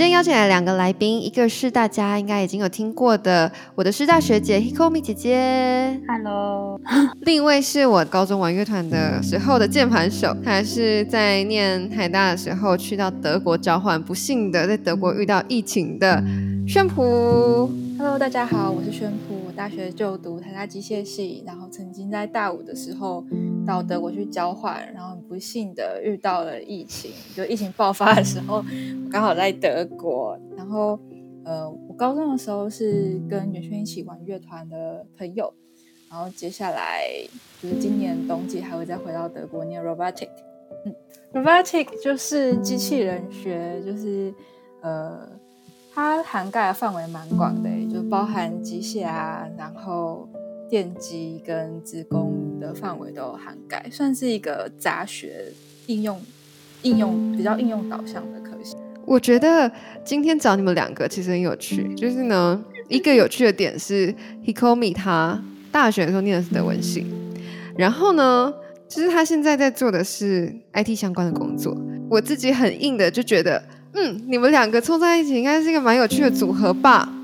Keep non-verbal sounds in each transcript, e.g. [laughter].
今天邀請來兩個來賓，一個是大家應該已經有聽過的我的師大學姐 Hikomi 姐姐，Hello； [laughs] 另一位是我高中玩樂團的時候的鍵盤手，還是在念海大的時候去到德國交換，召喚不幸的在德國遇到疫情的宣普，Hello，大家好，我是宣普，我大學就讀台大機械系，然後曾經在大五的時候，到德國去交換，然後很不幸的遇到了疫情。就疫情爆發的時候，剛好在德國。然後，呃，我高中的時候是跟圓圈一起玩樂團的朋友。然後接下來就是今年冬季還會再回到德國念 robotic。嗯，robotic 就是機器人學，就是呃，它涵蓋的範圍蠻廣的，就包含機械啊，然後電機跟資工的範圍都涵蓋，算是一個雜學應用、應用比較應用導向的課程。我覺得今天找你們兩個其實很有趣，就是呢， [laughs] 一個有趣的點是 Hikomi 他大學的時候唸的是德文系，然後呢，其、就是他現在在做的是 IT 相關的工作。我自己很硬的就覺得，嗯，你們兩個湊在一起應該是一個蠻有趣的組合吧。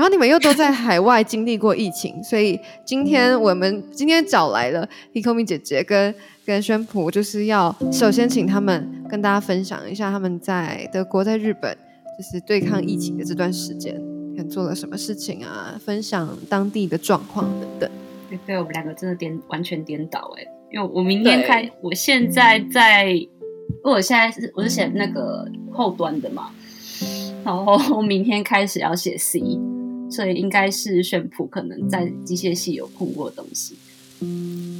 然後你們又都在海外經歷過疫情， [laughs] 所以今天我們今天找來了 Hikomi、嗯、姐姐跟跟瑄璞，就是要首先請他們跟大家分享一下他們在德國、在日本，就是對抗疫情的這段時間，跟做了什麼事情啊？分享當地的狀況等等。對，對，我們兩個真的顛完全顛倒哎，因為我，我明天開，對我現在在，因為我現在是我是寫那個後端的嘛，然後我明天開始要寫 C。所以應該是瑄璞可能在機械系有碰過的東西。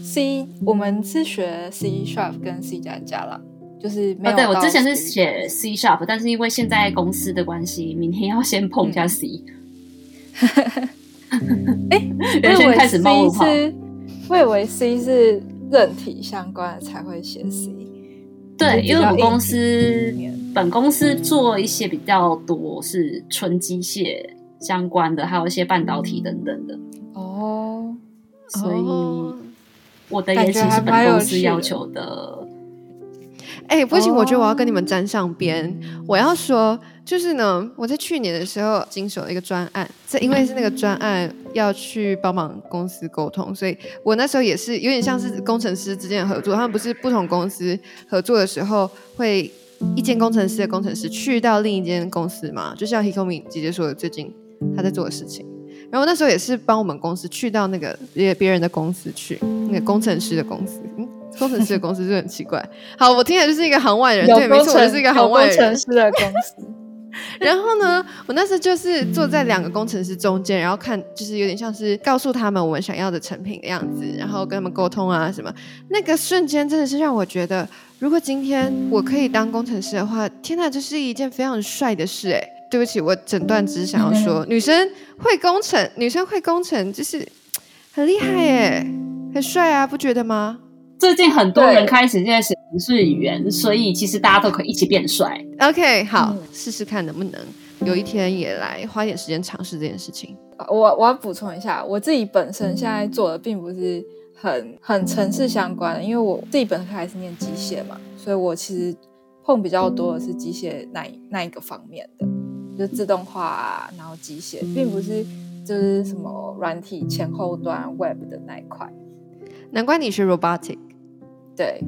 C，我們是學 C sharp 跟 C 加加了，嗯、就是啊，哦、對我之前是寫 C sharp，但是因為現在公司的關係，嗯、明天要先碰一下 C。哈哈哈哈哈！哎、 [laughs] [laughs] 欸，因為我 C 是，我以為 C 是韌體相關的才會寫 C，對，因為，一一因為我公司一一本公司做一些比較多是純機械。嗯相關的，還有一些半導體等等的哦，oh, 所以，oh, 我的也其是實本公司要求的。哎，欸，不行，oh, 我覺得我要跟你們沾上邊。嗯，我要說，就是呢，我在去年的時候經手了一個專案，這因為是那個專案要去幫忙公司溝通，嗯，所以我那時候也是有點像是工程師之間的合作。嗯，他們不是不同公司合作的時候，會一間工程師的工程師去到另一間公司嘛？就像 Hikomi 姐姐說的，最近。他在做的事情，然後那時候也是幫我們公司去到那個別別人的公司去，那個工程師的公司，嗯，工程師的公司就很奇怪。 [laughs] 好，我聽起來就是一個行外人，對，沒錯，是一個行外人。工程師的公司。 [laughs] 然後呢，我那時候就是坐在兩個工程師中間，然後看，就是有點像是告訴他們我們想要的成品的樣子，然後跟他們溝通啊什麼。那個瞬間真的是讓我覺得，如果今天我可以當工程師的話，天吶，這、就是一件非常帥的事誒、欸。對不起，我整段只是想要說，女生會工程，女生會工程就是很厲害耶，很帥啊，不覺得嗎？最近很多人開始現在學程式語言，對所以其實大家都可以一起變帥。OK，好，試試看能不能有一天也來花點時間嘗試這件事情。我我要補充一下，我自己本身現在做的並不是很很程式相關的，因為我自己本身還是念機械嘛，所以我其實碰比較多的是機械那那一個方面的。就自動化、啊、然後機械，並不是就是什麼軟體前後端 Web 的那一塊。難怪你是 Robotic。對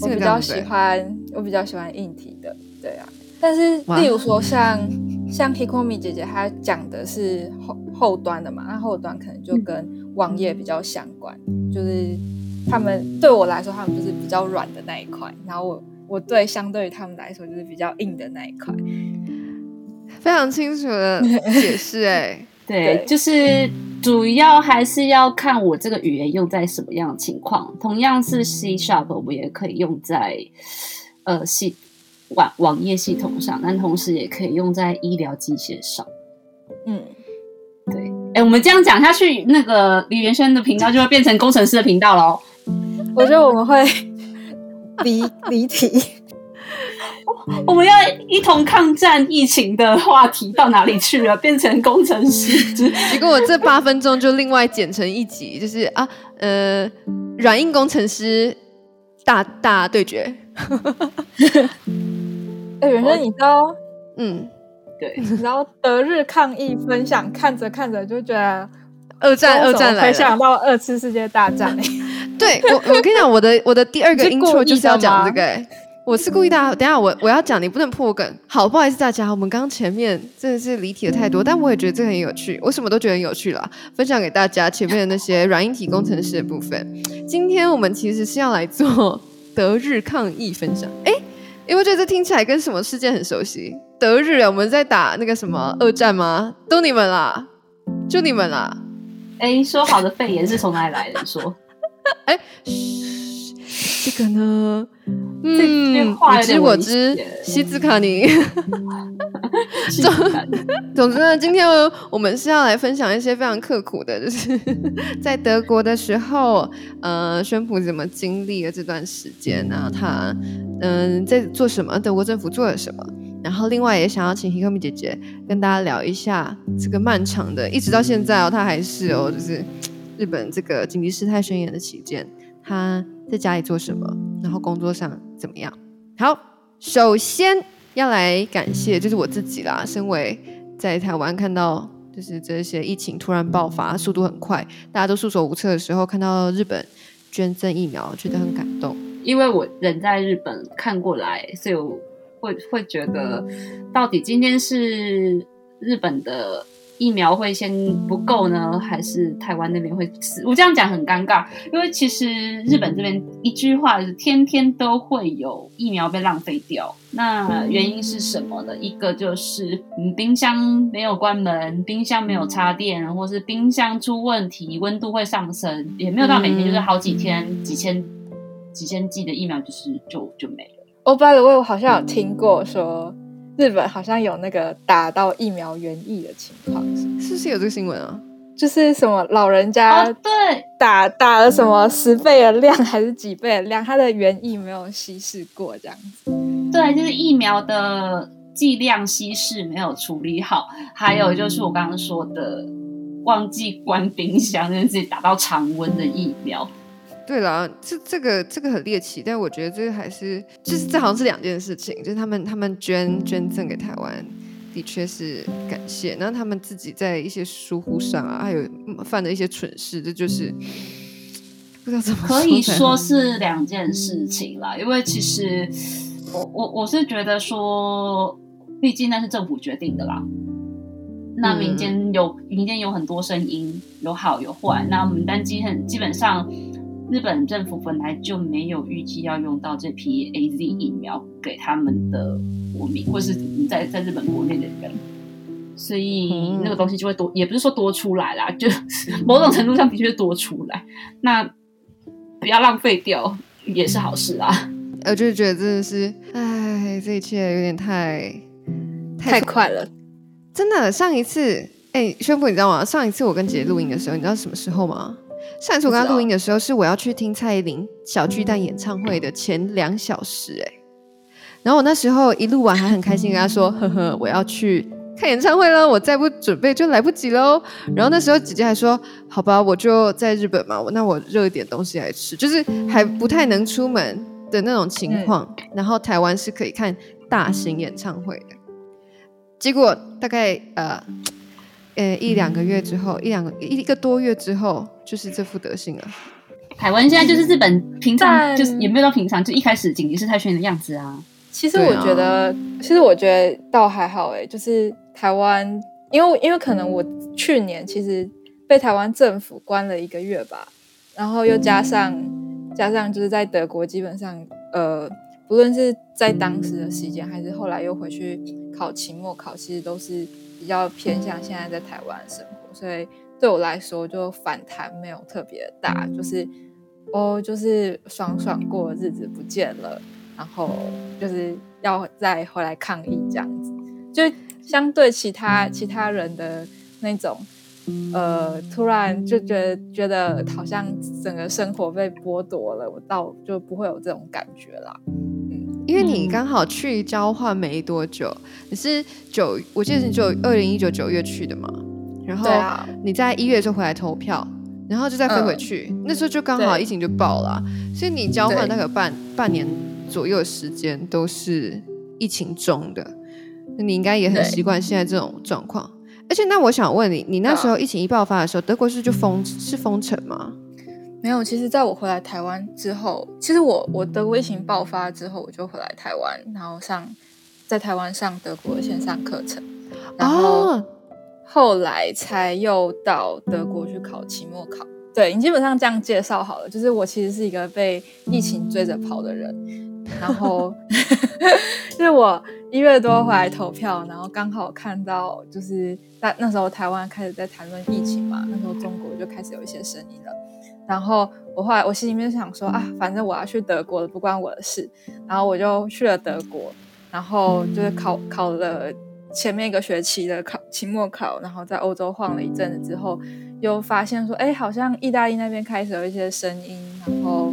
我比較喜歡，我比較喜歡硬體的，對啊。但是例如說像哇像 Hikomi 姐姐她講的是後後端的嘛，那後端可能就跟網頁比較相關，嗯、就是他們對我來說，他們就是比較軟的那一塊，然後我我對相對於他們來說就是比較硬的那一塊。非常清楚的解釋、欸，哎， [laughs] 對，就是主要還是要看我這個語言用在什麼樣的情況。同樣是 C Sharp，我們也可以用在呃系網網頁系統上，但同時也可以用在醫療機械上。嗯，對，哎，我們這樣講下去，那個李芫瑄的頻道就會變成工程師的頻道嘍。我覺得我們會離離題。 [laughs] 我們要一同抗戰疫情的話題到哪裡去了？變成工程師？就是、 [laughs] 結果我這八分鐘就另外剪成一集，就是啊，呃，軟硬工程師大大對決。哎 [laughs] 對，芫萱我，你知道？我嗯，對。然後道德日抗疫分享，看着看着就覺得二戰、了二戰來了，回想到二次世界大戰。 [laughs] 對我，我跟你講，我的我的第二個 intro 就是要講這個。我是故意的，等下我我要講，你不能破梗。好，不好意思大家，我們剛剛前面真的是離題的太多，但我也覺得這個很有趣，我什麼都覺得很有趣啦，分享給大家前面的那些軟硬體工程師的部分。今天我們其實是要來做德日抗疫分享，哎，因為這這聽起來跟什麼事件很熟悉？德日啊，我們在打那個什麼二戰嗎？都你們啦，就你們啦，哎，說好的肺炎是從哪裡來的？你說，哎。 [laughs] 這個呢，嗯，這你知我知，嗯、西茲卡尼。總 [laughs] [laughs] [laughs] 總之呢， [laughs] 今天我們是要來分享一些非常刻苦的，就是在德國的時候，呃，瑄璞怎麼經歷了這段時間呢？然後他嗯、呃，在做什麼？德國政府做了什麼？然後另外也想要請 Hikomi 姐姐跟大家聊一下這個漫長的，一直到現在哦，他還是哦，就是日本這個緊急事態宣言的期間他在家裡做什麼？然後工作上怎麼樣？好，首先要來感謝就是我自己啦。身為在台灣看到就是這些疫情突然爆發，速度很快，大家都束手無策的時候，看到日本捐贈疫苗，覺得很感動。因為我人在日本看過來，所以我會會覺得，到底今天是日本的疫苗會先不夠呢？還是台灣那邊會死？我這樣講很尷尬，因為其實日本這邊一句話，就是天天都會有疫苗被浪費掉。那原因是什麼呢？嗯、一個就是、嗯、冰箱沒有關門，冰箱沒有插電，或者是冰箱出問題，溫度會上升，也沒有到每天，就是好幾天、嗯、幾千幾千劑的疫苗就是就就沒了。Oh by the way, 我好像有聽過說。嗯日本好像有那個打到疫苗原液的情況是是，是不是有這個新聞啊？就是什麼老人家打、oh, 對打打了什麼十倍的量還是幾倍的量，它的原液沒有稀釋過這樣子。對，就是疫苗的劑量稀釋沒有處理好，還有就是我剛剛說的忘記關冰箱，就是自己打到常溫的疫苗。對了，這這個這個很獵奇，但我覺得這個還是就是這好像是兩件事情，就是他們他們捐捐贈給台灣的確是感謝，然後他們自己在一些疏忽上啊，還有犯了一些蠢事，這就，就是不知道怎麼說。可以說是兩件事情啦。因為其實我我我是覺得說，畢竟那是政府決定的啦，那民間有、嗯、民間有很多聲音，有好有壞，那我們但今很基本上。日本政府本來就沒有預計要用到這批 AZ 疫苗給他們的國民，或是在在日本國內的人，所以那個東西就會多，嗯、也不是說多出來啦，就某種程度上的確是多出來。那不要浪費掉也是好事啊。我就覺得真的是，哎，這一切有點太太快了，快了真的。上一次，哎、欸，宣布你知道嗎？上一次我跟姐姐錄音的時候，嗯、你知道什麼時候嗎？上次我跟她錄音的時候，是我要去聽蔡依林小巨蛋演唱會的前兩小時，欸，然後我那時候一錄完還很開心，跟她說：“呵呵，我要去看演唱會嘍，我再不準備就來不及嘍。”然後那時候姐姐還說：“好吧，我就在日本嘛，我那我熱一點東西來吃，就是還不太能出門的那種情況。”然後台灣是可以看大型演唱會的，結果大概呃。呃、欸，一兩個月之後，嗯、一兩一個多月之後，就是這副德行了。台灣現在就是日本、嗯、平常，就是也沒有到平常，但就一開始緊急事態宣言的樣子啊。其實我覺得，啊、其實我覺得倒還好哎、欸，就是台灣，因為因為可能我去年其實被台灣政府關了一個月吧，然後又加上、嗯、加上就是在德國，基本上呃，不論是在當時的時間，嗯、還是後來又回去考期末考，其實都是。比較偏向現在在台灣生活，所以對我來說就反彈沒有特別大，就是哦，就是爽爽過日子不見了，然後就是要再回來抗疫這樣子，就相對其他其他人的那種，呃，突然就覺得覺得好像整個生活被剝奪了，我倒就不會有這種感覺啦。因為你剛好去交換沒多久，嗯、你是九，我記得你九二零一九九月去的嘛，嗯、然後你在一月就回來投票，然後就再飛回去，呃、那時候就剛好疫情就爆了，對所以你交換那個半對半年左右的時間都是疫情中的，那你應該也很習慣現在這種狀況。對而且那我想問你，你那時候疫情一爆發的時候，嗯、德國是就封、嗯、是封城嗎？沒有，其實，在我回來台灣之後，其實我我德國疫情爆發之後，我就回來台灣，然後上在台灣上德國線上課程，然後後來才又到德國去考期末考。對你基本上這樣介紹好了，就是我其實是一個被疫情追着跑的人，然後 [laughs] [laughs] 就是我一月多回來投票，然後剛好看到就是那那時候台灣開始在談論疫情嘛，那時候中國就開始有一些聲音了。然後我後來，我心裡面想說啊，反正我要去德國了，不關我的事。然後我就去了德國，然後就是考考了前面一個學期的考期末考，然後在歐洲晃了一陣子之後，又發現說，誒，好像意大利那邊開始有一些聲音，然後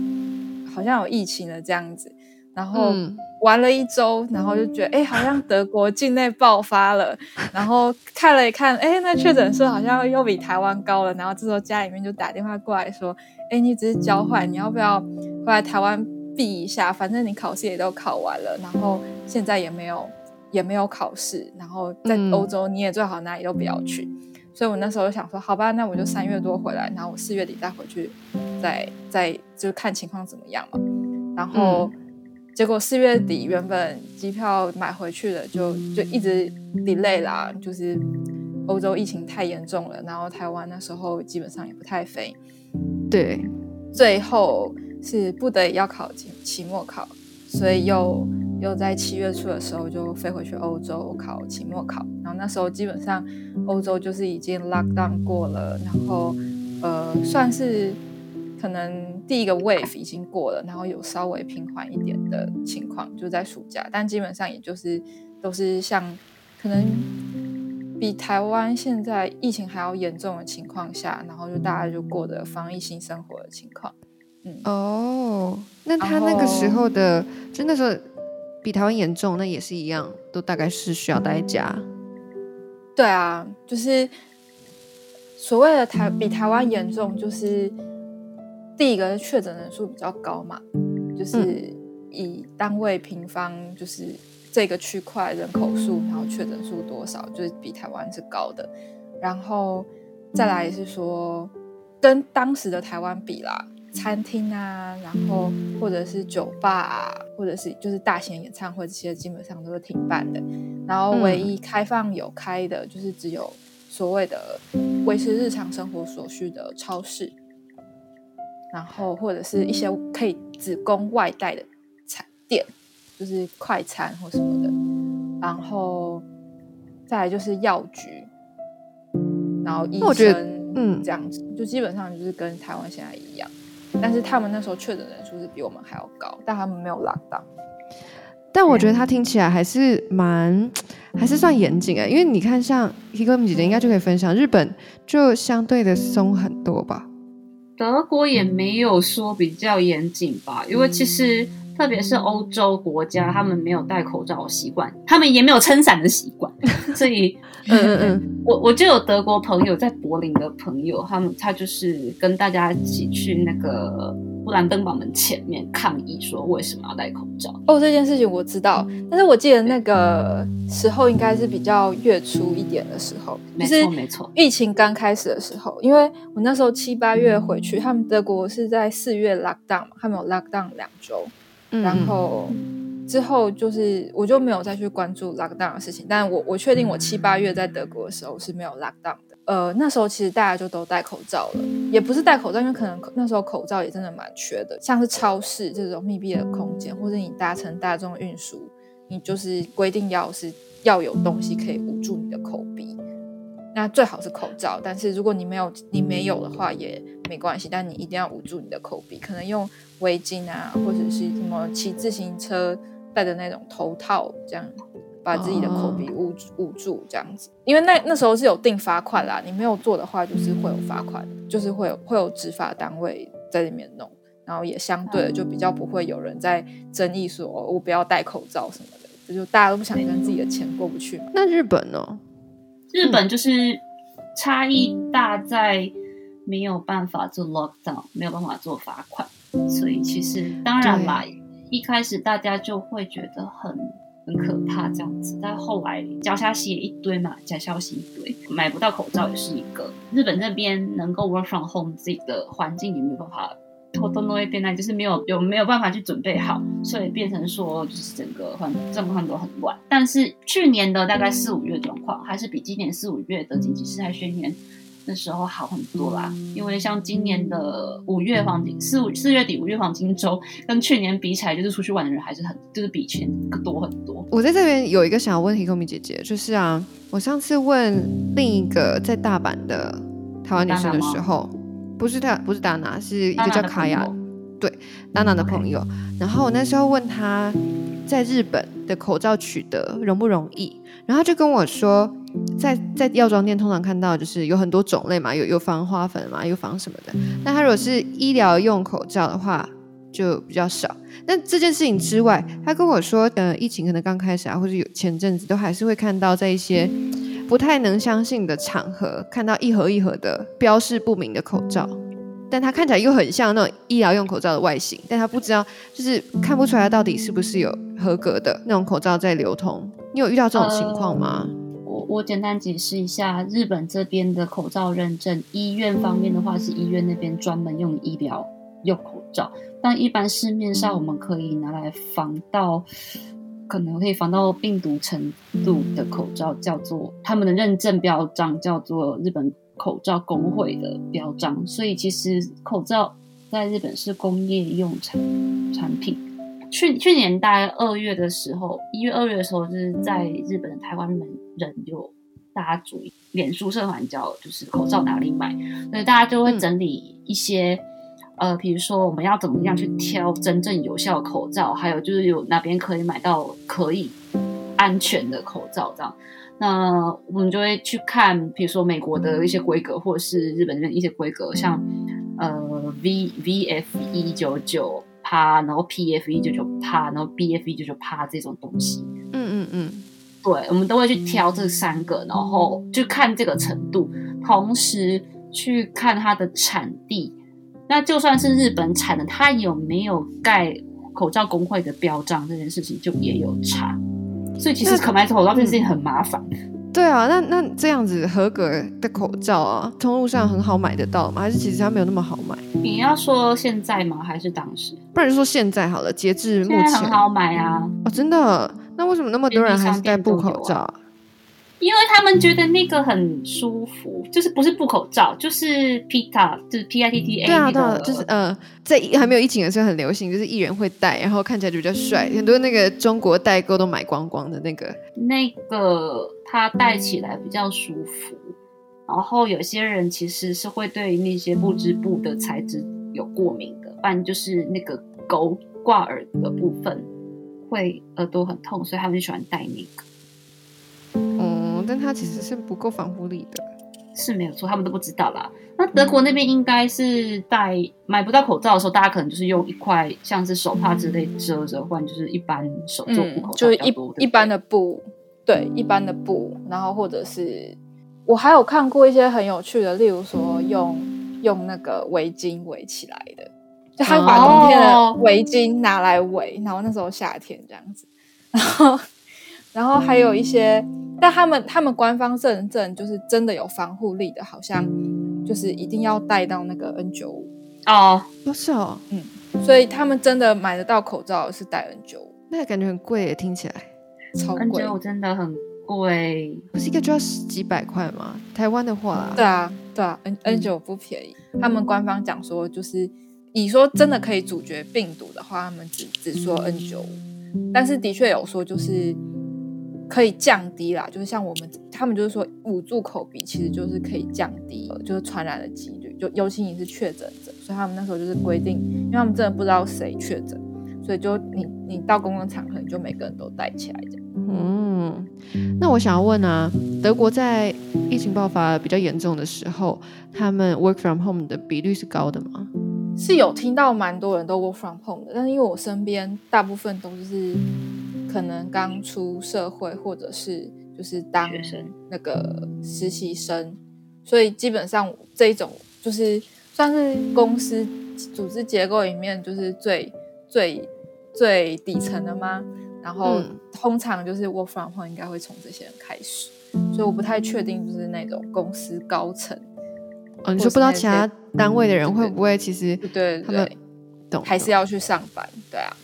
好像有疫情了這樣子。然後玩了一周，嗯、然後就覺得哎、欸，好像德國境內爆發了。 [laughs] 然後看了一看，哎、欸，那確診數好像又比台灣高了。嗯、然後這時候家裡面就打電話過來說，哎、欸，你只是交換，你要不要過來台灣避一下？反正你考試也都考完了，然後現在也沒有也沒有考試，然後在歐洲你也最好哪裡都不要去。嗯、所以我那時候就想說，好吧，那我就三月多回來，然後我四月底再回去，再再就是看情況怎麼樣嘛。然後。嗯結果四月底，原本機票買回去了，就，就就一直 delay 啦，就是歐洲疫情太嚴重了，然後台灣那時候基本上也不太飛。對，最後是不得已要考期期末考，所以又又在七月初的時候就飛回去歐洲考期末考，然後那時候基本上歐洲就是已經 lock down 過了，然後呃，算是可能。第一個 wave 已經過了，然後有稍微平緩一點的情況，就在暑假，但基本上也就是都是像可能比台灣現在疫情還要嚴重的情況下，然後就大家就過的防疫性生活的情況。嗯，哦，那他那個時候的，然後，就那時候比台灣嚴重，那也是一樣，都大概是需要待在家。對啊，就是所謂的台比台灣嚴重，就是。第一個是確診人數比較高嘛，就是以單位平方，就是這個區塊人口數，然後確診數多少，就是比台灣是高的。然後再來是說，跟當時的台灣比啦，餐廳啊，然後或者是酒吧，啊，或者是就是大型演唱會這些，基本上都是停辦的。然後唯一開放有開的，就是只有所謂的維持日常生活所需的超市。然後或者是一些可以只供外帶的餐店，就是快餐或什麼的。然後，再來就是藥局，然後醫生，我覺得嗯，這樣子就基本上就是跟台灣現在一樣。但是他們那時候確診人數是比我們還要高，但他們沒有拉到。但我覺得他聽起來還是蠻，還是算嚴謹哎，因為你看像 Hikomi 姐姐應該就可以分享，嗯、日本就相對的鬆很多吧。德國也沒有說比較嚴謹吧，因為其實。特別是歐洲國家，他們沒有戴口罩的習慣，他們也沒有撐傘的習慣， [laughs] 所以，嗯，嗯嗯，嗯，我我就有德國朋友，在柏林的朋友，他們他就是跟大家一起去那個布蘭登堡門前面抗議，說為什麼要戴口罩。哦，這件事情我知道，嗯、但是我記得那個時候應該是比較月初一點的時候，沒錯沒錯，疫情剛開始的時候，因為我那時候七八月回去，嗯、他們德國是在四月 lockdown 嘛，他們有 lockdown 兩周。然後、嗯、哼之後就是我就沒有再去關注 lockdown 的事情，但我我確定我七八月在德國的時候是沒有 lockdown 的。呃，那時候其實大家就都戴口罩了，也不是戴口罩，因為可能那時候口罩也真的蠻缺的。像是超市這種密閉的空間，或者你搭乘大眾運輸，你就是規定要是要有東西可以捂住你的口鼻，那最好是口罩。但是如果你沒有你沒有的話也沒關係，但你一定要捂住你的口鼻，可能用。圍巾啊，或者是什麼騎自行車戴的那種頭套，這樣把自己的口鼻捂捂住這樣子。Oh. 因為那那時候是有定罰款啦，你沒有做的話，就是會有罰款，就是會有會有執法單位在裡面弄，然後也相對的就比較不會有人在爭議說我不要戴口罩什麼的，就大家都不想跟自己的錢過不去嘛。那日本呢？日本就是差異大在沒有辦法做 lockdown，沒有辦法做罰款。所以其實當然啦，對一開始大家就會覺得很很可怕這樣子，但後來假消息一堆嘛，假消息一堆，買不到口罩也是一個。日本那邊能夠 work from home 自己的環境也沒有辦法，偷偷都會變爛，就是沒有有沒有辦法去準備好，所以變成說就是整個很狀況都很亂。但是去年的大概四五月狀況，還是比今年四五月的緊急事態宣言。那時候好很多啦，因為像今年的五月黃金四五四月底五月黃金周，跟去年比起來，就是出去玩的人還是很就是比以前多很多。我在這邊有一個想要問題，Hikomi 姐姐，就是啊，我上次問另一個在大阪的台灣女生的時候，不是她，不是達娜，是一個叫卡雅，對，娜娜的朋友。朋友 Okay. 然後我那時候問她在日本的口罩取得容不容易，然後就跟我說。在在藥妝店通常看到就是有很多種類嘛，有有防花粉嘛，有防什麼的。那它如果是醫療用口罩的話，就比較少。但這件事情之外，他跟我說，呃，疫情可能剛開始啊，或是有前陣子都還是會看到在一些不太能相信的場合看到一盒一盒的標示不明的口罩，但它看起來又很像那種醫療用口罩的外形，但他不知道就是看不出來到底是不是有合格的那種口罩在流通。你有遇到這種情況嗎？Uh 我簡單解釋一下日本這邊的口罩認證。醫院方面的話，是醫院那邊專門用醫療用口罩。但一般市面上我們可以拿來防到，可能可以防到病毒程度的口罩，叫做他們的認證標章，叫做日本口罩工會的標章。所以其實口罩在日本是工業用產產品。去去年大概二月的時候，一月二月的時候，就是在日本的台灣人，人就大家注意，臉書社團叫就是口罩哪裡買，所以大家就會整理一些，嗯、呃，比如說我們要怎麼樣去挑真正有效的口罩，還有就是有哪邊可以買到可以安全的口罩這樣。那我們就會去看，比如說美國的一些規格，或者是日本的一些規格，像呃 V V F 一九九趴，然後 P F E 九九趴，然後 B F E 九九趴，這種東西，嗯嗯嗯，嗯嗯對，我們都會去挑這三個，然後就看這個程度，同時去看它的產地，那就算是日本產的，它有沒有蓋口罩工會的標章，這件事情就也有差。所以其實可買口罩這件事情很麻煩。嗯嗯對啊，那那這樣子合格的口罩啊，通路上很好買得到嗎？還是其實它沒有那麼好買？你要說現在嗎？還是當時？不然說現在好了，截至目前很好買啊！哦，真的，那為什麼那麼多人還是戴布口罩？因為他們覺得那個很舒服，就是不是布口罩，就是 Pita，就是 P I T T A 那個、嗯、對啊對啊，就是呃，在還沒有疫情的時候很流行，就是藝人會戴，然後看起來就比較帥，嗯、很多那個中國代購都買光光的那個。那個它戴起來比較舒服，然後有些人其實是會對那些不織布的材質有過敏的，反正就是那個勾掛耳的部分會耳朵很痛，所以他們就喜歡戴那個。嗯。但它其實是不夠防護力的，是沒有錯。他們都不知道啦。那德國那邊應該是戴買不到口罩的時候，大家可能就是用一塊像是手帕之類遮着，或者就是一般手做、嗯、就是一的。對對一般的布，對，嗯、一般的布。然後，或者是，我還有看過一些很有趣的，例如說用用那個圍巾圍起來的，就他把冬天的圍巾拿來圍，哦、然後那時候夏天這樣子。然後，然後還有一些。嗯但他們他們官方認證就是真的有防護力的，好像就是一定要戴到那個 N 九五哦，不是哦，嗯，所以他們真的買得到口罩是戴 N 九五，那感覺很貴耶，聽起來超貴貴，N 九五真的很貴，不是一個就要幾百塊嗎？台灣的話啦、啊嗯，對啊，對啊，N N 九五不便宜，他們官方講說就是你說真的可以阻絕病毒的話，他們只只說 N 九五，但是的確有說就是。可以降低啦，就是像我們他們就是說捂住口鼻，其實就是可以降低就是傳染的幾率。就尤其你是確診者，所以他們那時候就是規定，因為他們真的不知道誰確診，所以就你你到公共場合，你就每個人都戴起來這樣。嗯，那我想要問啊，德國在疫情爆發比較嚴重的時候，他們 work from home 的比率是高的嗎？是有聽到蠻多人都 work from home 的，但是因為我身邊大部分都是。可能剛出社會，或者是就是當那個實習生，所以基本上這一種就是算是公司組織結構裡面就是最最最底層的嗎？嗯、然後通常就是 work from home 的話應該會從這些人開始，所以我不太確定，就是那種公司高層，就不知道其他單位的人會不會其實對，對對，還是要去上班，懂對啊。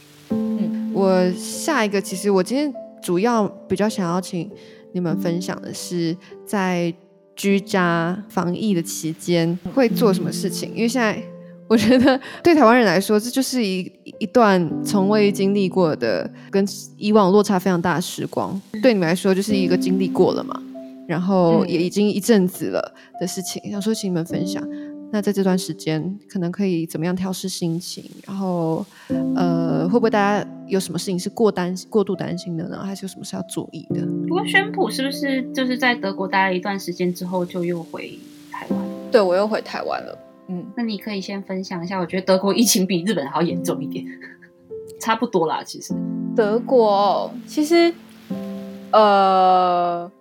我下一個，其實我今天主要比較想要請你們分享的是，在居家防疫的期間會做什麼事情？因為現在我覺得對台灣人來說，這就是一一段從未經歷過的、跟以往落差非常大的時光。對你們來說，就是一個經歷過了嘛，然後也已經一陣子了的事情，想說請你們分享。那在這段時間，可能可以怎麼樣調適心情？然後，呃，會不會大家有什麼事情是過擔過度擔心的呢？還是有什麼事要注意的？不過，瑄璞是不是就是在德國待了一段時間之後，就又回台灣？對，我又回台灣了。嗯，那你可以先分享一下。我覺得德國疫情比日本還要嚴重一點， [laughs] 差不多啦。其實，德國其實，呃，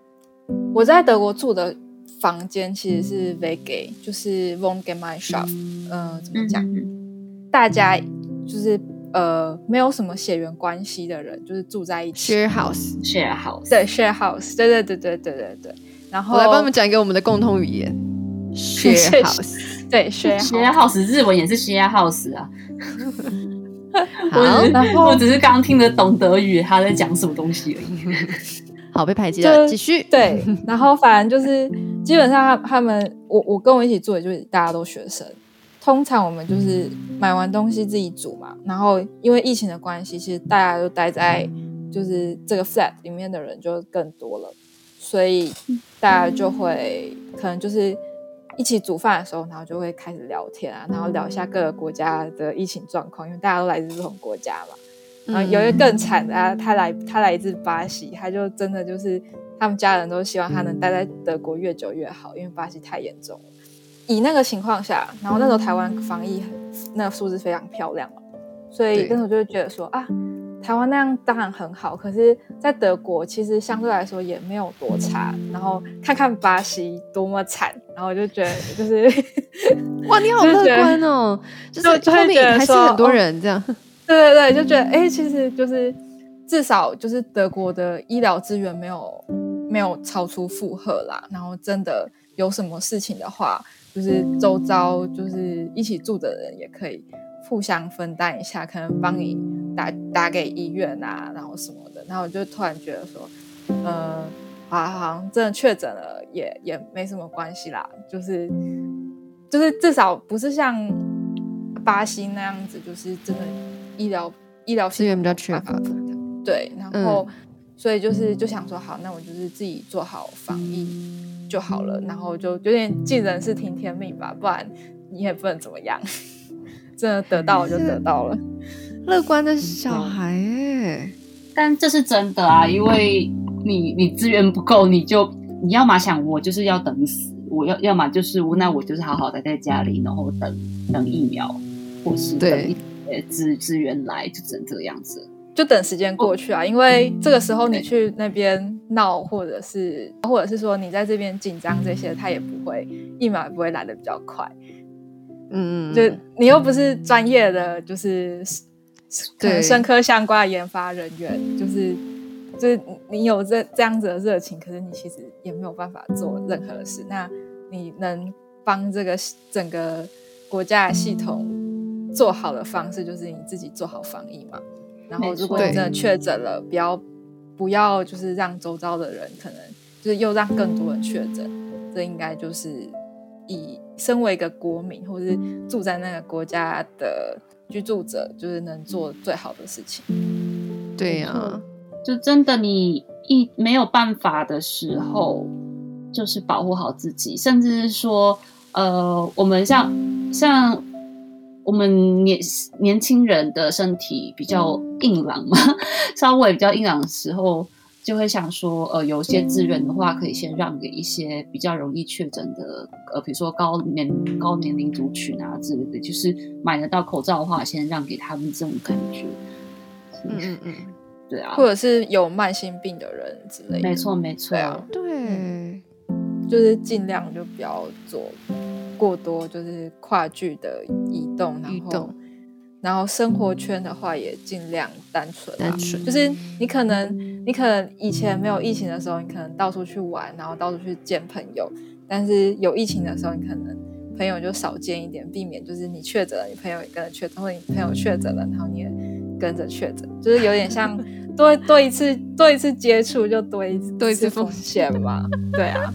我在德國住的。房間其實是 WG，就是 Wohngemeinschaft。嗯，怎麼講？大家就是呃，沒有什麼血緣關係的人，就是住在一起。share house，share house，對，share house，對對對對對對對。然後我來幫你們講一個我們的共同語言。share house，對，share house，日文也是 share house 啊。好，然後我只是剛聽得懂德語他在講什麼東西而已。好，被排擠了，繼就續對。然後反正就是基本上，他們我我跟我一起住，就是大家都學生。通常我們就是買完東西自己煮嘛。然後因為疫情的關係，其實大家都待在就是這個 flat 裡面的人就更多了，所以大家就會可能就是一起煮飯的時候，然後就會開始聊天啊，然後聊一下各個國家的疫情狀況，因為大家都來自不同國家嘛。然後有一個更慘的啊，他來他來自巴西，他就真的就是他們家人都希望他能待在德國越久越好，因為巴西太嚴重了。以那個情況下，然後那時候台灣防疫很，那個數字非常漂亮，所以那時候就會覺得說啊，台灣那樣當然很好，可是在德國其實相對來說也沒有多差。然後看看巴西多麼慘，然後我就覺得就是哇，你好樂觀哦，就，就，就是後面還是很多人這樣。哦對對對，就覺得哎、欸，其實就是至少就是德國的醫療資源沒有沒有超出負荷啦。然後真的有什麼事情的話，就是周遭，就是一起住的人也可以互相分擔一下，可能幫你打打給醫院啊，然後什麼的。然後就突然覺得說，嗯、呃，好好，好像真的確診了也也沒什麼關係啦，就是就是至少不是像巴西那樣子，就是真的。醫療醫療資源比較缺乏。啊，對，然後、嗯、所以就是就想說，好，那我就是自己做好防疫就好了，嗯、然後就有點盡人事聽天命吧，不然你也不能怎麼樣， [laughs] 真的得到我就得到了，樂觀的小孩、欸，嗯、但這是真的啊，因為你你資源不夠，你就你要麼想我就是要等死，我要要麼就是無奈我就是好好待在家裡，然後等等疫苗或是對資資源來就成這個樣子，就等時間過去啊！哦、因為這個時候你去那邊鬧，嗯、或者是對或者是說你在這邊緊張這些，他、嗯、也不會疫苗也不會來得比較快。嗯，就你又不是專業的，嗯、就是可能生科相關的研發人員，對就是就是你有這這樣子的熱情，可是你其實也沒有辦法做任何的事。那你能幫這個整個國家的系統，嗯做好的方式就是你自己做好防疫嘛。然後，如果你真的確診了，不要不要，不要就是讓周遭的人，可能就是又讓更多人確診。這應該就是以身為一個國民，或者是住在那個國家的居住者，就是能做最好的事情。對呀，啊，就真的你一沒有辦法的時候，就是保護好自己，甚至是說，呃，我們像像。我們年年輕人的身體比較硬朗嘛，嗯、稍微比較硬朗的時候，就會想說，呃，有一些資源的話，可以先讓給一些比較容易確診的，呃，比如說高年高年齡族群啊之類的，就是買得到口罩的話，先讓給他們這種感覺。嗯嗯嗯，對啊，或者是有慢性病的人之類的，沒錯沒錯啊，對、嗯，就是盡量就不要做。過多就是跨劇的移動，然後移動，然後生活圈的話也盡量單純、啊、單純，就是你可能你可能以前沒有疫情的時候，你可能到處去玩，然後到處去見朋友，但是有疫情的時候，你可能朋友就少見一點，避免就是你確診了，你朋友也跟着確診，或者你朋友確診了，然後你也跟着確診，就是有點像多多 [laughs] 一次多一次接觸就多一次風險嘛， [laughs] 對啊。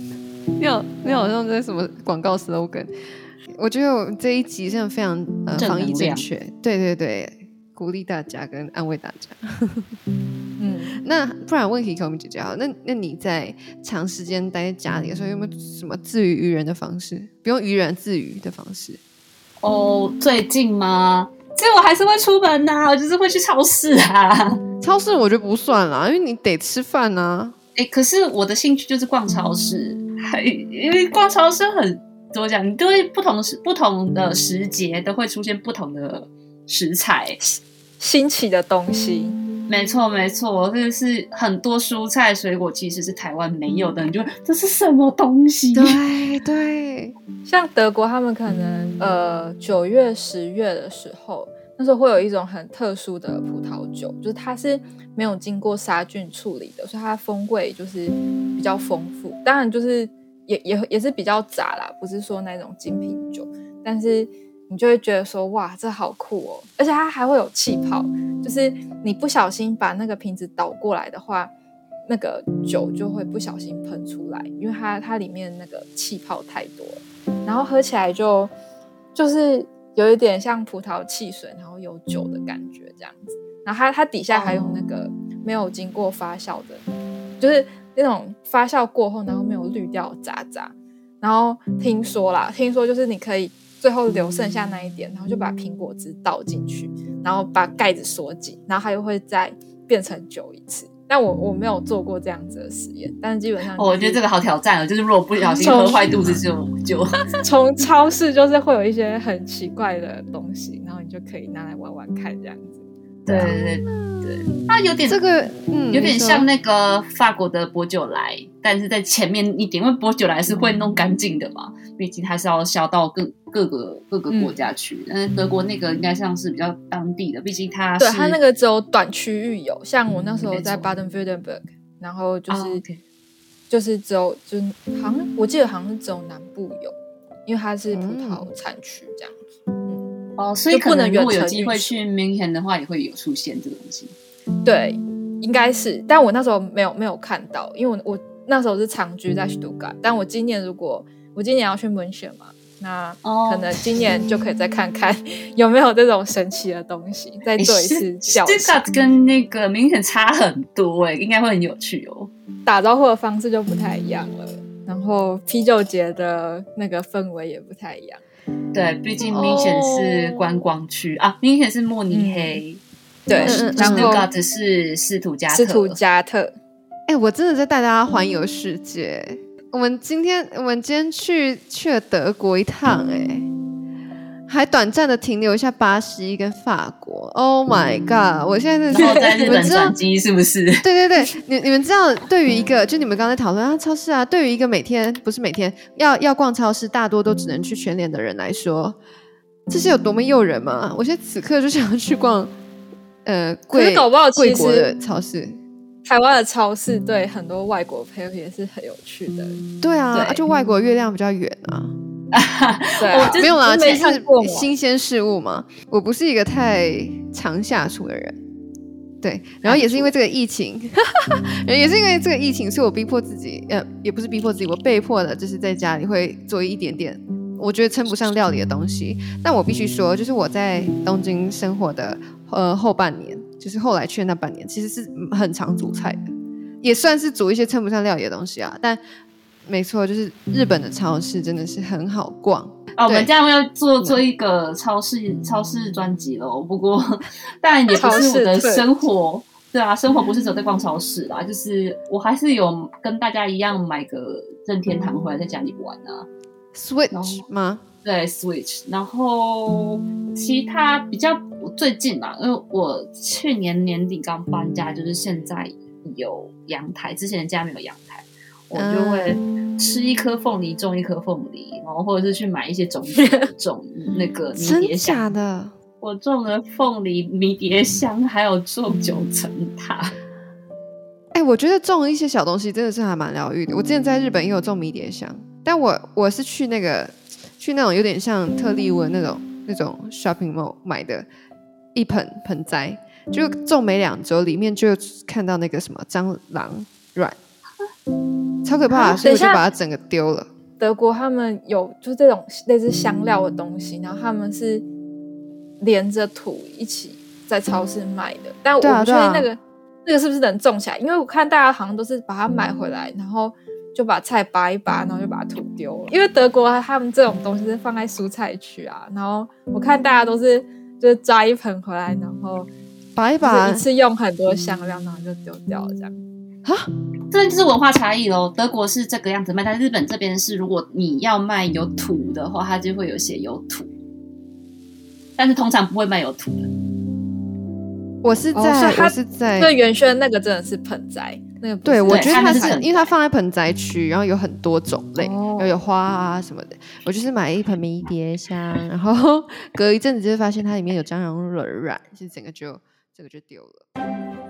[laughs] 你有你好像這什麼廣告 slogan？我覺得我這一集真的非常、呃、防疫正確，正能量。對對對，鼓勵大家跟安慰大家。 [laughs] 嗯，那不然問題給我們解決好。那那你在長時間待在家裡的時候，有沒有什麼自娛娛人的方式？不用娛人自娛的方式。哦，最近嗎？其實我還是會出門吶、啊，我就是會去超市啊。超市我就不算啦，因為你得吃飯吶、啊。哎，可是我的興趣就是逛超市，還因為逛超市很多講，你對不同時不同的時節都會出現不同的食材、新奇的東西、嗯。沒錯，沒錯，就是很多蔬菜水果其實是台灣沒有的，你就這是什麼東西？對對，像德國他們可能、嗯、呃九月十月的時候。那時候會有一種很特殊的葡萄酒，就是它是沒有經過殺菌處理的，所以它的風味就是比較豐富。當然，就是也也也是比較雜啦，不是說那種精品酒。但是你就會覺得說，哇，這好酷哦！而且它還會有氣泡，就是你不小心把那個瓶子倒過來的話，那個酒就會不小心噴出來，因為它它裡面那個氣泡太多。然後喝起來就就是。有一點像葡萄汽水，然後有酒的感覺這樣子。然後它它底下還有那個沒有經過發酵的，就是那種發酵過後，然後沒有濾掉的渣渣。然後聽說啦，聽說就是你可以最後留剩下那一點，然後就把蘋果汁倒進去，然後把蓋子鎖緊，然後它又會再變成酒一次。但我我沒有做過這樣子的實驗，但是基本上、就是哦，我覺得這個好挑戰哦。就是如果不小心喝壞肚子就，屜 [laughs] 就就從 [laughs] 超市就是會有一些很奇怪的東西，然後你就可以拿來玩玩看這樣子。對、嗯、對對對，它對、啊、有點這個，嗯、有點像那個法國的薄酒萊。但是在前面一點，因為波久還是會弄乾淨的嘛，嗯、畢竟它是要銷到各各個各個國家去。嗯、但是德國那個應該像是比較當地的，畢竟它對它那個只有短區域有。像我那時候在 Baden Württemberg、嗯、然後就是、啊、就是只有，就是好像、嗯、我記得好像是只有南部有，因為它是葡萄產區這樣子、嗯嗯。哦，所以可能如果有機會去明天的話，也會有出現這個東西。對，應該是，但我那時候沒有沒有看到，因為我我。那時候是長居在 Stuttgart，、嗯、但我今年如果我今年要去 München、er、嘛，那可能今年就可以再看看、oh, [laughs] 有沒有這種神奇的東西。再做一次教，這 t、欸、跟那個 München 差很多哎、欸，應該會很有趣哦、喔。打招呼的方式就不太一樣了，然後啤酒節的那個氛圍也不太一樣。對，畢竟 München 是觀光區、哦、啊，München 是慕尼黑。嗯、對，Stuttgart 是斯圖加斯圖加特。哎、欸，我真的在帶大家環遊世界。嗯、我們今天，我們今天去去了德國一趟、欸，哎、嗯，還短暫的停留一下巴西跟法國。Oh my god！、嗯、我現在在，在日本轉機你們知道是不是？對對對，你你們知道，對於一個、嗯、就你們剛才討論啊，超市啊，對於一個每天不是每天要要逛超市，大多都只能去全聯的人來說，這是有多麼誘人嗎？我現在此刻就想要去逛，呃，貴貴國的超市。台灣的超市對很多外國朋友也是很有趣的。對，啊，對啊，就外國月亮比較圓啊。對，沒有啦，其實新鮮事物嘛。我不是一個太常下廚的人，對。然後也是因為這個疫情， [laughs] [laughs] 也是因為這個疫情，所以我逼迫自己，呃，也不是逼迫自己，我被迫的，就是在家裡會做一點點，我覺得稱不上料理的東西。 [laughs] 但我必須說，就是我在東京生活的呃後半年。就是後來去的那半年，其實是很常煮菜的，也算是煮一些稱不上料理的東西啊。但沒錯，就是日本的超市真的是很好逛啊、嗯對哦。我們這樣要做做一個超市、嗯、超市專輯嘍。不過，但也不是我的生活。對，對啊，生活不是只有在逛超市啦。就是我還是有跟大家一樣買個任天堂回來在家裡玩啊。Switch 嗎？對，Switch。然後其他比較。最近嘛、啊，因為我去年年底剛搬家，就是現在有陽台，之前家沒有陽台，我就會吃一顆鳳梨，種一顆鳳梨，然後或者是去買一些種子 [laughs] 種那個迷迭香。真的假的。我種了鳳梨、迷迭香，還有種九層塔。哎、欸，我覺得種了一些小東西真的是還蠻療癒的。嗯、我之前在日本也有種迷迭香，但我我是去那個去那種有點像特立文那種、嗯、那種 shopping mall 買的。一盆盆栽就種沒兩周，裡面就看到那個什麼蟑螂卵，超可怕，啊、是不我就把它整個丟了。德國他們有就是這種類似香料的東西，然後他們是連着土一起在超市買的。但我不確定那個、啊啊、那個是不是能種起來，因為我看大家好像都是把它買回來，然後就把菜拔一拔，然後就把它土丟了。因為德國他們這種東西是放在蔬菜區啊，然後我看大家都是。就摘一盆回來，然後擺一把，一次用很多香料，然後就丟掉了，這樣。啊，這就是文化差異咯。德國是這個樣子賣，但是日本這邊是，如果你要賣有土的話，它就會有寫有土，但是通常不會賣有土的。我是在，它我是在，對，芫瑄那個真的是盆栽。欸、對，我覺得它是，是因為它放在盆栽區，然後有很多種類，後、哦、有花啊什麼的。我就是買了一盆迷迭香，然後呵呵隔一陣子就發現它裡面有蟑螂軟，其實整個就這個就丟了。